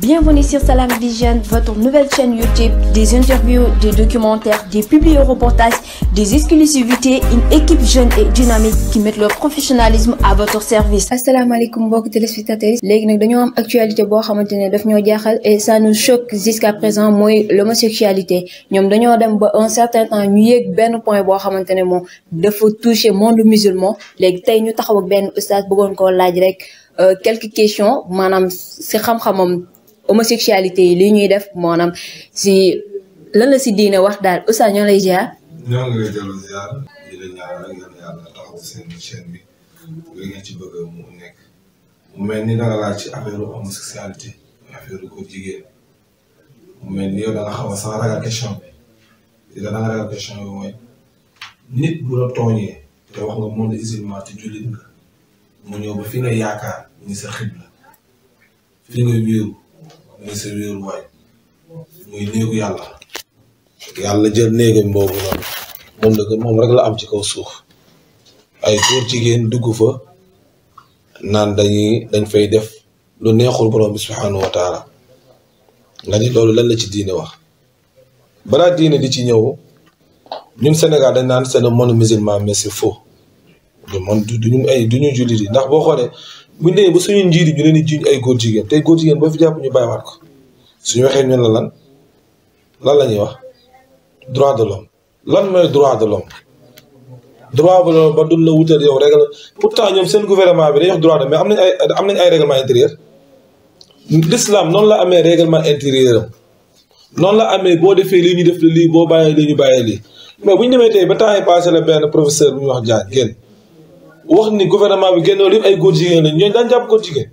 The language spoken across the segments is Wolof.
Bienvenue sur Salam Vision, votre nouvelle chaîne YouTube, des interviews, des documentaires, des publi-reportages, des exclusivités, une équipe jeune et dynamique qui met leur professionnalisme à votre service. asalaamaaleykum mbokki téléspectateurs léegi nag dañoo am actualité boo xamante ne daf ñoo jaaxal et ça nous choque jusqu'à présent mooy l'homosexualité ñoom dañoo dem ba un certain temps ñu yéeg benn point boo xamante ne moom dafa toucher monde musulman léegi tey ñu taxaw benn ustaas bëggoon koo laaj rek euh, quelques questions maanaam si xam homosexualité yi li ñuy def maanaam si lan la si diine wax daal Oustaz ñoo lay ziar. ñoo ngi lay la ñaanal ngeen yàlla taxaw seen chaîne bi li ci bëgg mu nekk mu mel ni danga laaj ci affaire homosexualité affaire góor jigéen mu ni yow da nga xaw a ragal question bi di la question bi mooy nit bu tooñee te wax nga monde musulman te jullit nga mu ba fi nga yaakaar ni sa xib la fi nga wéeru. mooy sa wéeruwaay yàlla yàlla jël néegam boobu noonu moom la rek la am ci kaw suuf ay góor jigéen dugg fa naan dañuy dañ fay def lu neexul borom bi subhaanahu wa nga ni loolu lan la ci diine wax balaa diine di ci ñëw ñun Sénégal dañ naan c'est le monde musulman mais man ñu ay duñu jullit yi ndax boo xoolee buñ demee ba suñu njiit ñu ne di jiiñ ay góor jigéen tey góor jigéen boo fi jàpp ñu bàyyiwaat ko suñu waxee ñu la lan lan la ñuy wax droit de l'homme lan mooy droit de l'homme droit de l'homme ba dul la wutal yow règle pourtant ñoom seen gouvernement bi day wax droit de mais am nañ ay am nañ ay règlement intérieur l'islam la amee règlement intérieur am noonu la amee boo defee lii ñu def la lii boo bàyyee lii ñu bàyyee lii mais bu ñu demee tey ba temps yi la benn professeur bu ñuy wax Diagne génn wax ni gouvernement bi génnoolu yëpp ay goo jigéen lañ ñooñu daan jàpp góor jigéen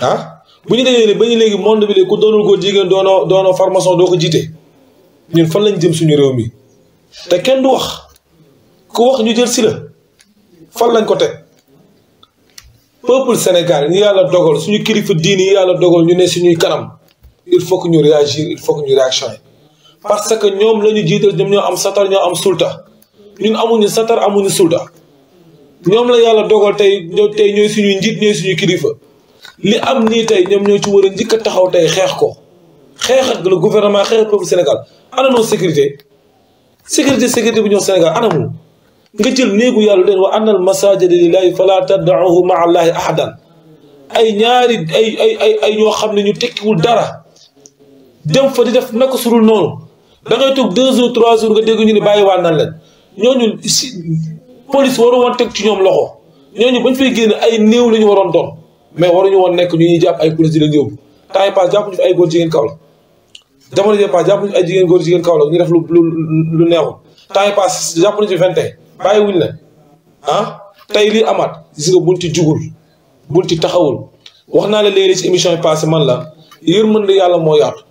ah bu ñu dajee ba ñu léegi monde bi léegi ku doonul góor jigéen doonoo doonoo formation ko jiite fan lañ jëm suñu réew mi te kenn du wax ku wax ñu jël si la fan lañ ko teg peuple Sénégal ñu yàlla dogal suñu kilifa diini yi yàlla ñu ne suñuy kanam il ñu réagir il faut que ñu parce que ñoom la ñu jiital ñoom ñoo am satar ñoo am sulta ñun amuñu satar amuñu sulda ñoom la yàlla dogal tey ñoo tey ñooy suñu njiit ñooy suñuy kilifa li am nii tey ñoom ñoo ci war a njëkk a taxaw tey xeex ko xeex ak le gouvernement xeex ak peuple Sénégal ana noo sécurité sécurité sécurité bu ñoo Sénégal anamu nga jël néegu yàlla leen wa anna al masajida lillahi fala tad'uhu ma'a allahi ahadan ay ñaari ay ay ay ay ñoo xam ne ñu tekkiwul dara dem fa di def naka surul noonu da ngay toog deux jours trois jours nga dégg ñu ne bàyyi waan nan leen ñooñu si police waru woon teg ci ñoom loxo ñooñu bañ fay génn ay néew la ñu waroon doon mais ñu woon nekk ñu ñuy jàpp ay police di leen yóbbu temps yi jàpp ñu fi ay góor jigéen jamono jii jàpp ñu fi ay jigéen góor jigéen kaw la ñu def lu lu lu neexul temps yi pass jàpp ñu wuñ leen ah tey lii amaat gis nga buñ ci jugul buñ ci taxawul wax naa la léegi ci émission yi passé man la yërmande yàlla moo yaatu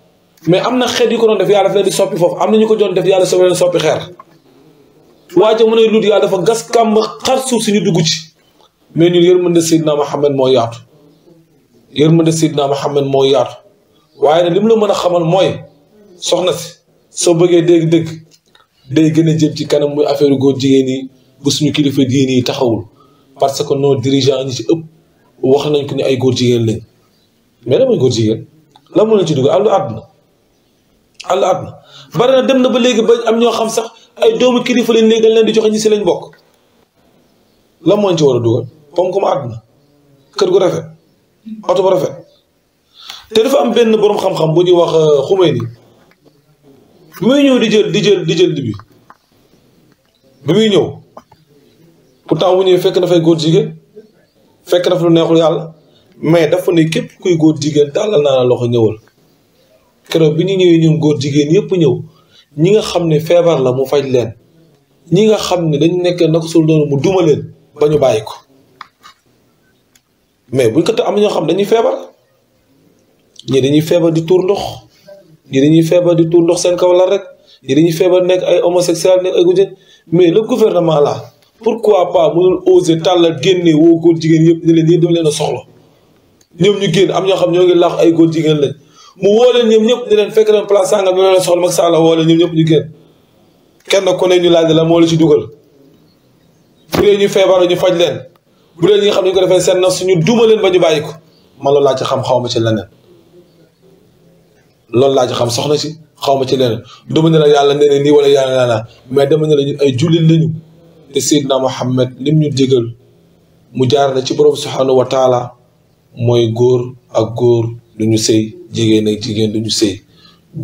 mais am na xeet yu ko doon def yàlla daf leen soppi foofu am na ñu ko doon def yàlla soo leen soppi xeer waa ja mën a lut yaa dafa gas kàmb xar suuf si ñu dugg ci mais ñun yërmande Seydina Mohamed moo yaatu yërmande Seydina Mohamed moo yaatu waaye nag li mu la mën a xamal mooy soxna si soo bëggee dégg-dégg day jëm ci kanam muy affaire góor jigéen yi bu suñu kilifa diine yi taxawul parce que nos dirigeants ñi ci ëpp wax nañ ko ni ay góor jigéen lañ mais ne mooy góor jigéen la moo leen ci dugg àllu àdduna àllu àdduna bari na dem na ba léegi am ñoo xam sax ay doomu kilifa lañ léegi dañ leen di joxe ñi si lañ bokk lan moo ci war a dugal comme comme àdduna kër gu rafet oto bu rafet te dafa am benn boroom xam-xam bu ñuy wax xumay euh, ni bi muy ñëw di jël di jël di jël bi bi muy ñëw pourtant bu ñëwee fekk dafay góor jigéen fekk na lu neexul yàlla mais dafa ne képp kuy góor jigéen tàllal naa la loxo ñëwal keroog bi ñuy ñëwee ñoom góor jigéen yëpp ñëw. ñi nga xam ne feebar la mu faj leen ñi nga xam ne dañu nekk na ko sul doon mu duma ba ñu bàyyi ko mais bu ko te am ñoo xam dañuy feebar ñii dañuy feebar di tuur ndox ñii feebar di tuur ndox seen kaw la rek ñii dañuy feebar nekk ay homosexuel nekk ay guddi mais le gouvernement pour pourquoi pas mënul oser tàllal génne woo góor jigéen yëpp ne leen yéen dama leen a soxla ñoom ñu génn am ñoo xam ñoo ngi laax ay góor jigéen lañ mu woo leen ñoom ñëpp di leen fekk leen place sàngam ñu leen soxla Macky Sall woo ñëpp ñu kenn ku ne ñu laaj la moo la ci dugal bu dee ñu feebaru ñu faj leen bu dee ñi xam ne ñu ko defee seen na suñu duma leen bàyyi ko man laa ci xam xaw ma ci leneen loolu laa ci xam soxna si xaw ma ci leneen duma ne yàlla nee na nii wala yàlla naa mais dama ne la ñu ay jullit lañu te Seydina Mohamed lim ñu digal mu jaar na ci borom subhanahu wa taala mooy góor ak góor du ñu sëy jigéen ak jigéen duñu sëy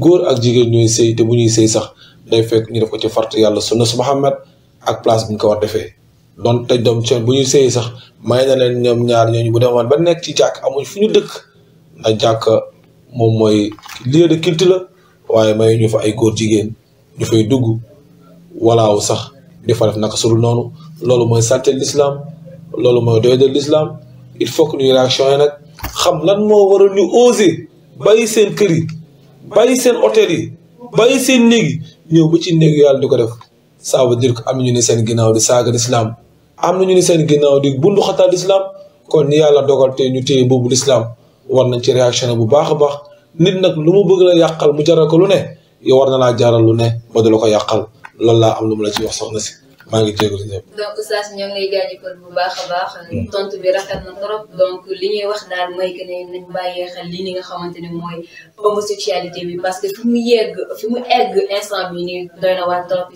góor ak jigéen ñooy sëy te bu ñuy sëy sax day fekk ñu def ko ci fartu yàlla sunna su Muhammad ak place bu ñu ko war defee doon te doom ci bu ñuy sëy sax may na leen ñoom ñaar ñooñu bu demoon ba nekk ci jàkk amuñ fu ñu dëkk ndax jàkk moom mooy lieu de culte la waaye may ñu fa ay góor jigéen ñu fay dugg walaaw sax di fa def naka sulu noonu loolu mooy sàtte l'islam loolu mooy doy de l'islam il faut que ñuy réaction yi nag xam lan moo waral ñu bàyyi seen kër yi seen hôtel yi seen néegi yi ñëw ba ci néeg yàlla di ko def ça veut dire que am na ñu ne seen ginnaaw di saaga lislaam am na ñu ne seen ginnaaw di bundu xataa lislaam kon ni yàlla dogal tey ñu téye boobu lislaam war nañ ci réaction bu baax a baax nit nag lu mu bëgg la yàqal mu jaral ko lu ne yow war na naa jaral lu ne ba du la ko yàqal loolu laa am lu mu la ci wax soxna si. maa ngi jégalu ñëpp. donc Oustaz ñoo ngi lay jaajëfal bu baax a baax. tontu bi rafet na trop. donc li ñuy wax daal mooy que ne nañ bàyyee xel li nga xamante ne mooy homosexualité bi parce que fi mu yegg fi mu instant bi nii doy na waa trop